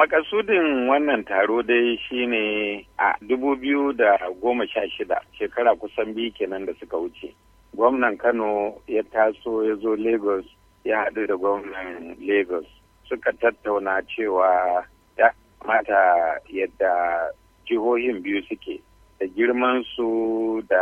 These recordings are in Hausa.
makasudin wannan taro dai shine a dubu da goma sha shida shekara kusan biyu kenan da suka wuce gwamnan kano ya taso ya zo lagos ya haɗu da gwamnan lagos suka tattauna cewa ya mata yadda jihohin biyu suke da girmansu da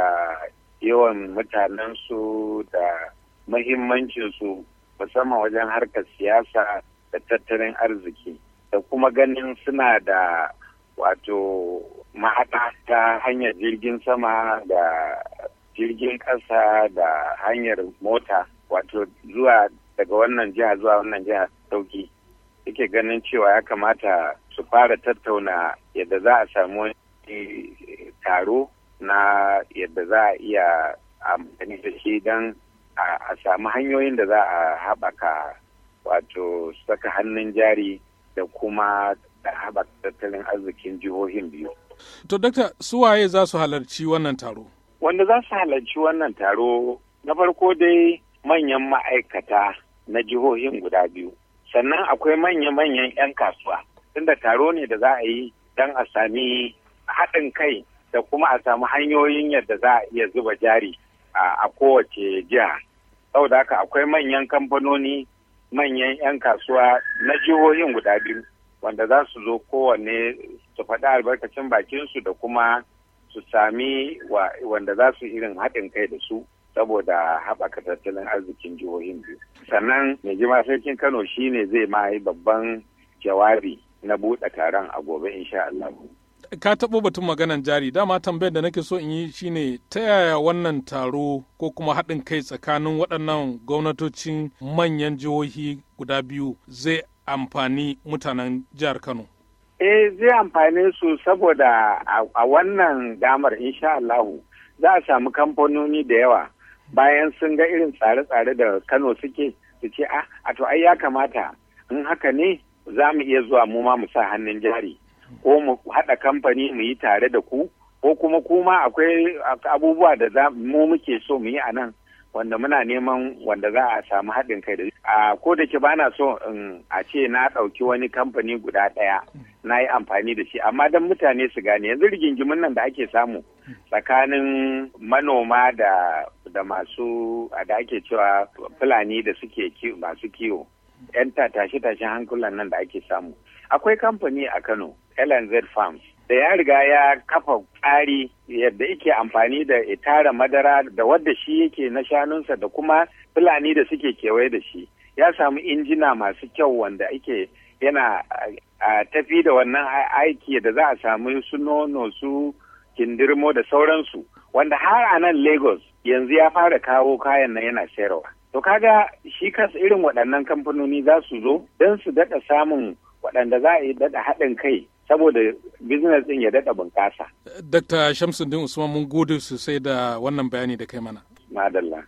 yawan mutanensu da mahimmancinsu musamman wajen harkar siyasa da tattalin arziki da kuma ganin suna da wato ma'ada ta hanyar jirgin sama da jirgin ƙasa da hanyar mota wato zuwa daga wannan jiha zuwa wannan jiha sauki suke ganin cewa ya kamata su fara tattauna yadda za a samu taro na yadda za a iya amfani da shi don a samu hanyoyin da za a haɓaka wato saka hannun jari da kuma haɓaka tattalin arzikin jihohin biyu. To, Dokta, suwaye za su halarci wannan taro? Wanda za su halarci wannan taro, na farko dai manyan ma'aikata na jihohin guda biyu. Sannan akwai manya-manyan 'yan kasuwa, tunda taro ne da za a yi don a sami haɗin kai da kuma a sami hanyoyin yadda za a iya zuba jari a kowace jiha. da haka akwai manyan kamfanoni manyan 'yan kasuwa na jihohin guda biyu wanda za su zo kowanne su faɗi albarkacin bakinsu da kuma su sami wanda za su irin haɗin kai da su saboda haɓaka tattalin arzikin jihohin biyu. Sannan mai jima sarkin Kano shine zai ma yi babban jawabi na buɗe taron a gobe insha Allah. ka taɓo batun maganan jari dama tambayar da nake so in yi shine ta yaya wannan taro ko kuma haɗin kai tsakanin waɗannan gwamnatocin manyan jihohi guda biyu zai amfani mutanen jihar Kano. Eh zai amfani su saboda a wannan damar insha Allahu za a samu kamfanoni da yawa bayan sun ga irin tsare-tsare da Kano suke su ce ah, a to ai ya kamata in haka ne za mu iya zuwa mu ma mu sa hannun jari ko mu haɗa kamfani mu yi tare da ku ko kuma kuma akwai abubuwa da za mu muke so mu yi a nan wanda muna neman wanda za a samu haɗin kai da a ko da ke bana so in a ce na ɗauki wani kamfani guda ɗaya na yi amfani da shi amma don mutane su gane yanzu rigingimin nan da ake samu tsakanin manoma da da masu da ake cewa fulani da suke masu kiwo yan tashe tashen hankulan nan da ake samu akwai kamfani a kano lnz farms da ya riga ya kafa tsari yadda yake amfani da tara madara da wadda shi yake na shanunsa da kuma fulani da suke kewaye da shi ya samu injina masu kyau wanda ake yana tafi da wannan aiki da za a samu su nono su kindirmo da sauransu wanda har a nan lagos yanzu ya fara kawo kayan nan yana sayarwa to kaga shi kansa irin waɗannan kamfanoni za su zo don su daɗa samun waɗanda za a yi daɗa haɗin kai saboda business ɗin ya daɗa bunƙasa. Dr. Shamsuddin Usman mun gode sosai da wannan bayani da kai mana. Madalla.